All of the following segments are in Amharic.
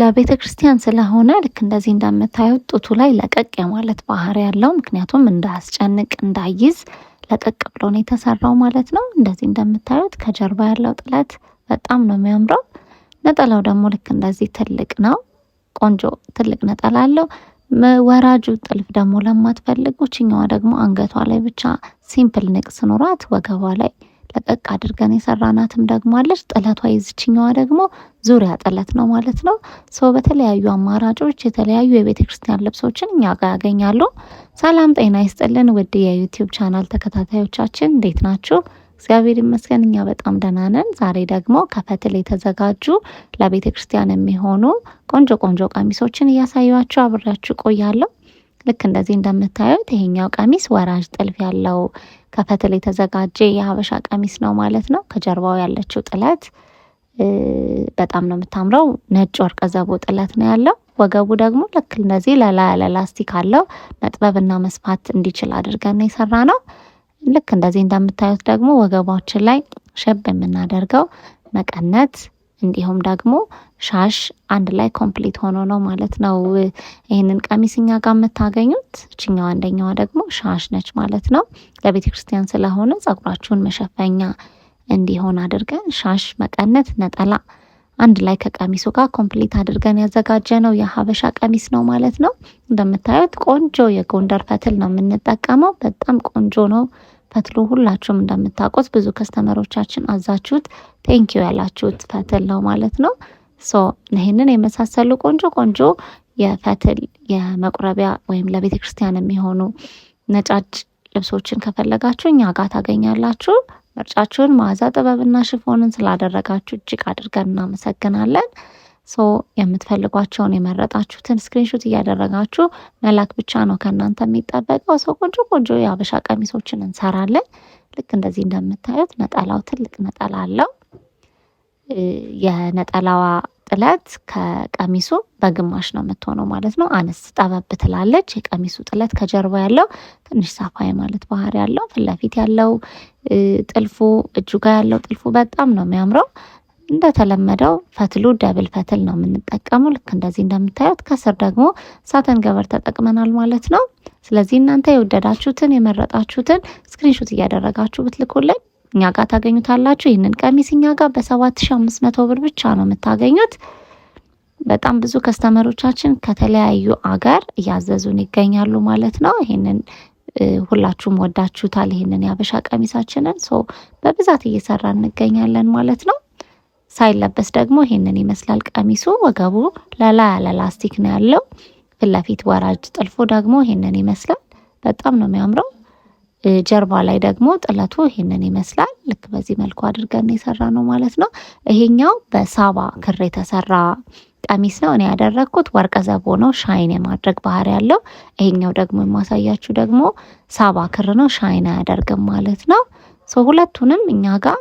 ለቤተ ክርስቲያን ስለሆነ ልክ እንደዚህ እንደምታዩት ጡቱ ላይ ለቀቅ የማለት ባህሪ ያለው ምክንያቱም እንዳያስጨንቅ እንዳይዝ ለቀቅ ብሎ ነው የተሰራው ማለት ነው። እንደዚህ እንደምታዩት ከጀርባ ያለው ጥለት በጣም ነው የሚያምረው። ነጠላው ደግሞ ልክ እንደዚህ ትልቅ ነው፣ ቆንጆ ትልቅ ነጠላ አለው። ወራጁ ጥልፍ ደግሞ ለማትፈልጉ ችኛዋ ደግሞ አንገቷ ላይ ብቻ ሲምፕል ንቅስ ኑሯት ወገቧ ላይ ለቀቅ አድርገን የሰራናትም ደግሞ አለች። ጥለቷ የዝችኛዋ ደግሞ ዙሪያ ጥለት ነው ማለት ነው። ሰው በተለያዩ አማራጮች የተለያዩ የቤተ ክርስቲያን ልብሶችን እኛ ጋር ያገኛሉ። ሰላም ጤና ይስጥልን ውድ የዩቲዩብ ቻናል ተከታታዮቻችን እንዴት ናችሁ? እግዚአብሔር ይመስገን እኛ በጣም ደህና ነን። ዛሬ ደግሞ ከፈትል የተዘጋጁ ለቤተ ክርስቲያን የሚሆኑ ቆንጆ ቆንጆ ቀሚሶችን እያሳያችሁ አብሬያችሁ ቆያለሁ። ልክ እንደዚህ እንደምታዩት ይሄኛው ቀሚስ ወራጅ ጥልፍ ያለው ከፈትል የተዘጋጀ የሀበሻ ቀሚስ ነው ማለት ነው። ከጀርባው ያለችው ጥለት በጣም ነው የምታምረው። ነጭ ወርቀ ዘቦ ጥለት ነው ያለው። ወገቡ ደግሞ ልክ እንደዚህ ለላ ያለ ላስቲክ አለው። መጥበብና መስፋት እንዲችል አድርገን የሰራ ነው። ልክ እንደዚህ እንደምታዩት ደግሞ ወገባችን ላይ ሸብ የምናደርገው መቀነት እንዲሁም ደግሞ ሻሽ አንድ ላይ ኮምፕሊት ሆኖ ነው ማለት ነው። ይህንን ቀሚስ እኛ ጋር የምታገኙት እችኛው አንደኛዋ ደግሞ ሻሽ ነች ማለት ነው። ለቤተ ክርስቲያን ስለሆነ ጸጉራችሁን መሸፈኛ እንዲሆን አድርገን ሻሽ፣ መቀነት፣ ነጠላ አንድ ላይ ከቀሚሱ ጋር ኮምፕሊት አድርገን ያዘጋጀ ነው የሀበሻ ቀሚስ ነው ማለት ነው። እንደምታዩት ቆንጆ የጎንደር ፈትል ነው የምንጠቀመው። በጣም ቆንጆ ነው ፈትሉ። ሁላችሁም እንደምታውቁት ብዙ ከስተመሮቻችን አዛችሁት ቴንኪዩ ያላችሁት ፈትል ነው ማለት ነው። ሶ ይህንን የመሳሰሉ ቆንጆ ቆንጆ የፈትል የመቁረቢያ ወይም ለቤተ ክርስቲያን የሚሆኑ ነጫጭ ልብሶችን ከፈለጋችሁ እኛ ጋር ታገኛላችሁ። ምርጫችሁን መዓዛ ጥበብና ሽፎንን ስላደረጋችሁ እጅግ አድርገን እናመሰግናለን። ሶ የምትፈልጓቸውን የመረጣችሁትን ስክሪንሹት እያደረጋችሁ መላክ ብቻ ነው ከእናንተ የሚጠበቀው። ሰው ቆንጆ ቆንጆ የአበሻ ቀሚሶችን እንሰራለን። ልክ እንደዚህ እንደምታዩት ነጠላው ትልቅ ነጠላ አለው። የነጠላዋ ጥለት ከቀሚሱ በግማሽ ነው የምትሆነው ማለት ነው። አነስ ጠበብ ትላለች። የቀሚሱ ጥለት ከጀርባ ያለው ትንሽ ሰፋ ማለት ባህሪ ያለው ፊት ለፊት ያለው ጥልፉ እጁ ጋር ያለው ጥልፉ በጣም ነው የሚያምረው። እንደተለመደው ፈትሉ ደብል ፈትል ነው የምንጠቀመው። ልክ እንደዚህ እንደምታዩት ከስር ደግሞ ሳተን ገበር ተጠቅመናል ማለት ነው። ስለዚህ እናንተ የወደዳችሁትን የመረጣችሁትን ስክሪንሾት እያደረጋችሁ ብትልኩልን እኛ ጋር ታገኙታላችሁ። ይህንን ቀሚስ እኛ ጋር በሰባት ሺ አምስት መቶ ብር ብቻ ነው የምታገኙት። በጣም ብዙ ከስተመሮቻችን ከተለያዩ አገር እያዘዙን ይገኛሉ ማለት ነው። ይህንን ሁላችሁም ወዳችሁታል። ይህንን የአበሻ ቀሚሳችንን ሶ በብዛት እየሰራ እንገኛለን ማለት ነው። ሳይለበስ ደግሞ ይህንን ይመስላል ቀሚሱ። ወገቡ ለላ ያለ ላስቲክ ነው ያለው። ፊት ለፊት ወራጅ ጥልፉ ደግሞ ይህንን ይመስላል። በጣም ነው የሚያምረው። ጀርባ ላይ ደግሞ ጥለቱ ይህንን ይመስላል። ልክ በዚህ መልኩ አድርገን የሰራ ነው ማለት ነው። ይሄኛው በሳባ ክር የተሰራ ቀሚስ ነው። እኔ ያደረግኩት ወርቀ ዘቦ ነው፣ ሻይን የማድረግ ባህሪ ያለው። ይሄኛው ደግሞ የማሳያችሁ ደግሞ ሳባ ክር ነው፣ ሻይን አያደርግም ማለት ነው። ሶ ሁለቱንም እኛ ጋር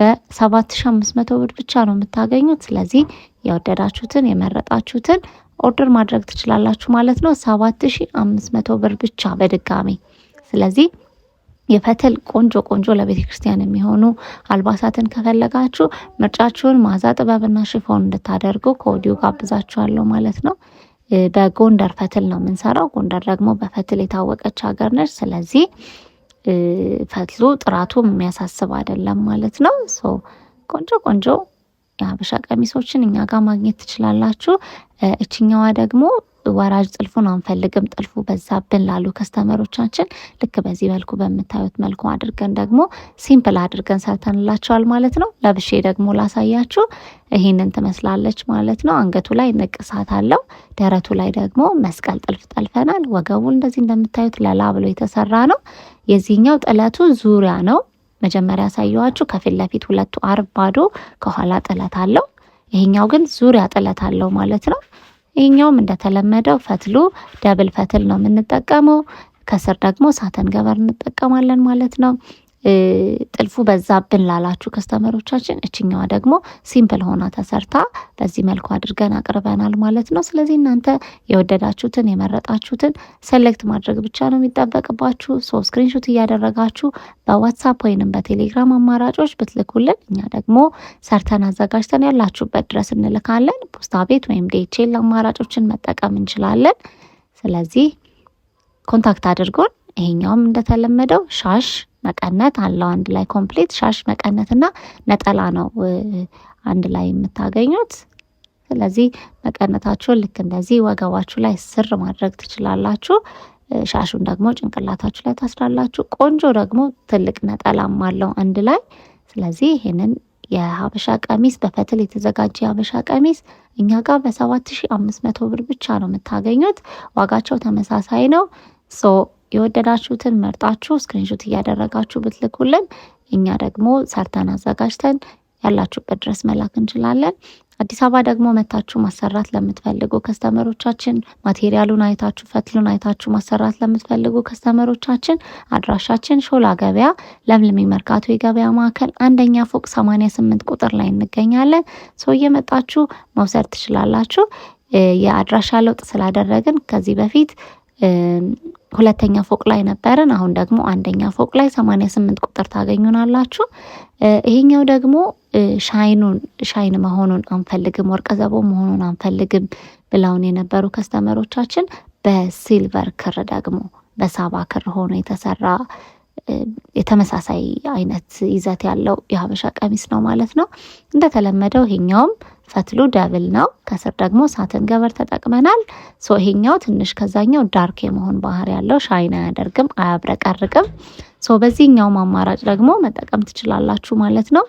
በ7500 ብር ብቻ ነው የምታገኙት። ስለዚህ የወደዳችሁትን የመረጣችሁትን ኦርደር ማድረግ ትችላላችሁ ማለት ነው። 7500 ብር ብቻ በድጋሚ ስለዚህ የፈትል ቆንጆ ቆንጆ ለቤተ ክርስቲያን የሚሆኑ አልባሳትን ከፈለጋችሁ ምርጫችሁን ማዛ ጥበብና ሽፎን እንድታደርጉ ከወዲሁ ጋብዛችኋለሁ ማለት ነው። በጎንደር ፈትል ነው የምንሰራው። ጎንደር ደግሞ በፈትል የታወቀች ሀገር ነች። ስለዚህ ፈትሉ ጥራቱ የሚያሳስብ አይደለም ማለት ነው። ቆንጆ ቆንጆ የሀበሻ ቀሚሶችን እኛ ጋር ማግኘት ትችላላችሁ። እችኛዋ ደግሞ ወራጅ ጥልፉን አንፈልግም፣ ጥልፉ በዛብን ላሉ ከስተመሮቻችን ልክ በዚህ መልኩ በምታዩት መልኩ አድርገን ደግሞ ሲምፕል አድርገን ሰርተንላቸዋል ማለት ነው። ለብሼ ደግሞ ላሳያችሁ ይህንን ትመስላለች ማለት ነው። አንገቱ ላይ ንቅሳት አለው። ደረቱ ላይ ደግሞ መስቀል ጥልፍ ጠልፈናል። ወገቡ እንደዚህ እንደምታዩት ለላ ብሎ የተሰራ ነው። የዚህኛው ጥለቱ ዙሪያ ነው። መጀመሪያ ያሳየዋችሁ ከፊት ለፊት ሁለቱ አርብ ባዶ፣ ከኋላ ጥለት አለው። ይሄኛው ግን ዙሪያ ጥለት አለው ማለት ነው። ይሄኛውም እንደተለመደው ፈትሉ ደብል ፈትል ነው የምንጠቀመው። ከስር ደግሞ ሳተን ገበር እንጠቀማለን ማለት ነው። ጥልፉ በዛብን ላላችሁ ከስተመሮቻችን እችኛዋ ደግሞ ሲምፕል ሆና ተሰርታ በዚህ መልኩ አድርገን አቅርበናል ማለት ነው። ስለዚህ እናንተ የወደዳችሁትን የመረጣችሁትን ሴሌክት ማድረግ ብቻ ነው የሚጠበቅባችሁ። ሶ ስክሪንሾት እያደረጋችሁ በዋትሳፕ ወይንም በቴሌግራም አማራጮች ብትልኩልን እኛ ደግሞ ሰርተን አዘጋጅተን ያላችሁበት ድረስ እንልካለን። ፖስታ ቤት ወይም ዴቼል አማራጮችን መጠቀም እንችላለን። ስለዚህ ኮንታክት አድርጎን ይሄኛውም እንደተለመደው ሻሽ መቀነት አለው። አንድ ላይ ኮምፕሌት ሻሽ መቀነት እና ነጠላ ነው አንድ ላይ የምታገኙት። ስለዚህ መቀነታችሁን ልክ እንደዚህ ወገባችሁ ላይ ስር ማድረግ ትችላላችሁ። ሻሹን ደግሞ ጭንቅላታችሁ ላይ ታስራላችሁ። ቆንጆ ደግሞ ትልቅ ነጠላም አለው አንድ ላይ። ስለዚህ ይሄንን የሀበሻ ቀሚስ በፈትል የተዘጋጀ የሀበሻ ቀሚስ እኛ ጋር በሰባት ሺ አምስት መቶ ብር ብቻ ነው የምታገኙት። ዋጋቸው ተመሳሳይ ነው ሶ የወደዳችሁትን መርጣችሁ ስክሪንሾት እያደረጋችሁ ብትልኩልን እኛ ደግሞ ሰርተን አዘጋጅተን ያላችሁበት ድረስ መላክ እንችላለን። አዲስ አበባ ደግሞ መታችሁ ማሰራት ለምትፈልጉ ከስተመሮቻችን ማቴሪያሉን አይታችሁ ፈትሉን አይታችሁ ማሰራት ለምትፈልጉ ከስተመሮቻችን አድራሻችን ሾላ ገበያ ለምልሚ መርካቶ የገበያ ማዕከል አንደኛ ፎቅ 88 ቁጥር ላይ እንገኛለን። ሰው እየመጣችሁ መውሰድ ትችላላችሁ። የአድራሻ ለውጥ ስላደረግን ከዚህ በፊት ሁለተኛ ፎቅ ላይ ነበርን። አሁን ደግሞ አንደኛ ፎቅ ላይ ሰማንያ ስምንት ቁጥር ታገኙናላችሁ። ይሄኛው ደግሞ ሻይኑን ሻይን መሆኑን አንፈልግም፣ ወርቀ ዘቦ መሆኑን አንፈልግም ብለውን የነበሩ ከስተመሮቻችን በሲልቨር ክር ደግሞ በሳባ ክር ሆኖ የተሰራ የተመሳሳይ አይነት ይዘት ያለው የሀበሻ ቀሚስ ነው ማለት ነው። እንደተለመደው ይሄኛውም ፈትሉ ደብል ነው። ከስር ደግሞ ሳትን ገበር ተጠቅመናል። ሶ ይሄኛው ትንሽ ከዛኛው ዳርክ የመሆን ባህሪ ያለው ሻይን አያደርግም፣ አያብረቀርቅም። ሶ በዚህኛውም አማራጭ ደግሞ መጠቀም ትችላላችሁ ማለት ነው።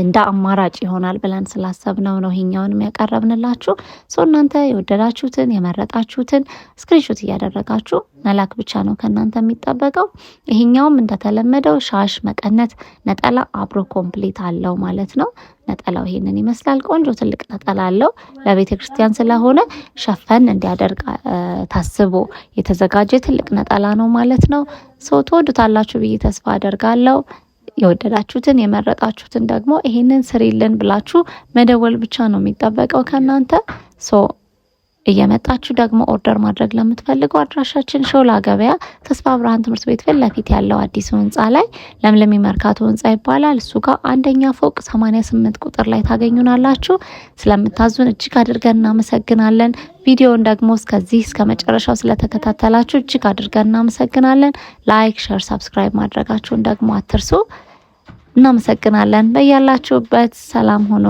እንደ አማራጭ ይሆናል ብለን ስላሰብነው ነው ይሄኛውን ያቀረብንላችሁ። ሰው እናንተ የወደዳችሁትን የመረጣችሁትን ስክሪንሾት እያደረጋችሁ መላክ ብቻ ነው ከእናንተ የሚጠበቀው። ይሄኛውም እንደተለመደው ሻሽ፣ መቀነት፣ ነጠላ አብሮ ኮምፕሊት አለው ማለት ነው። ነጠላው ይሄንን ይመስላል። ቆንጆ ትልቅ ነጠላ አለው። ለቤተ ክርስቲያን ስለሆነ ሸፈን እንዲያደርግ ታስቦ የተዘጋጀ ትልቅ ነጠላ ነው ማለት ነው። ሰው ትወዱታላችሁ ብዬ ተስፋ አደርጋለሁ። የወደዳችሁትን የመረጣችሁትን ደግሞ ይሄንን ስሪልን ብላችሁ መደወል ብቻ ነው የሚጠበቀው ከእናንተ ሶ እየመጣችሁ ደግሞ ኦርደር ማድረግ ለምትፈልጉ አድራሻችን ሾላ ገበያ ተስፋ ብርሃን ትምህርት ቤት ፊት ለፊት ያለው አዲሱ ህንፃ ላይ ለምለም መርካቶ ህንፃ ይባላል። እሱ ጋር አንደኛ ፎቅ 88 ቁጥር ላይ ታገኙናላችሁ። ስለምታዙን እጅግ አድርገን እናመሰግናለን። ቪዲዮውን ደግሞ እስከዚህ እስከ መጨረሻው ስለተከታተላችሁ እጅግ አድርገን እናመሰግናለን። ላይክ፣ ሸር፣ ሳብስክራይብ ማድረጋችሁን ደግሞ አትርሱ። እናመሰግናለን። በያላችሁበት ሰላም ሆኖ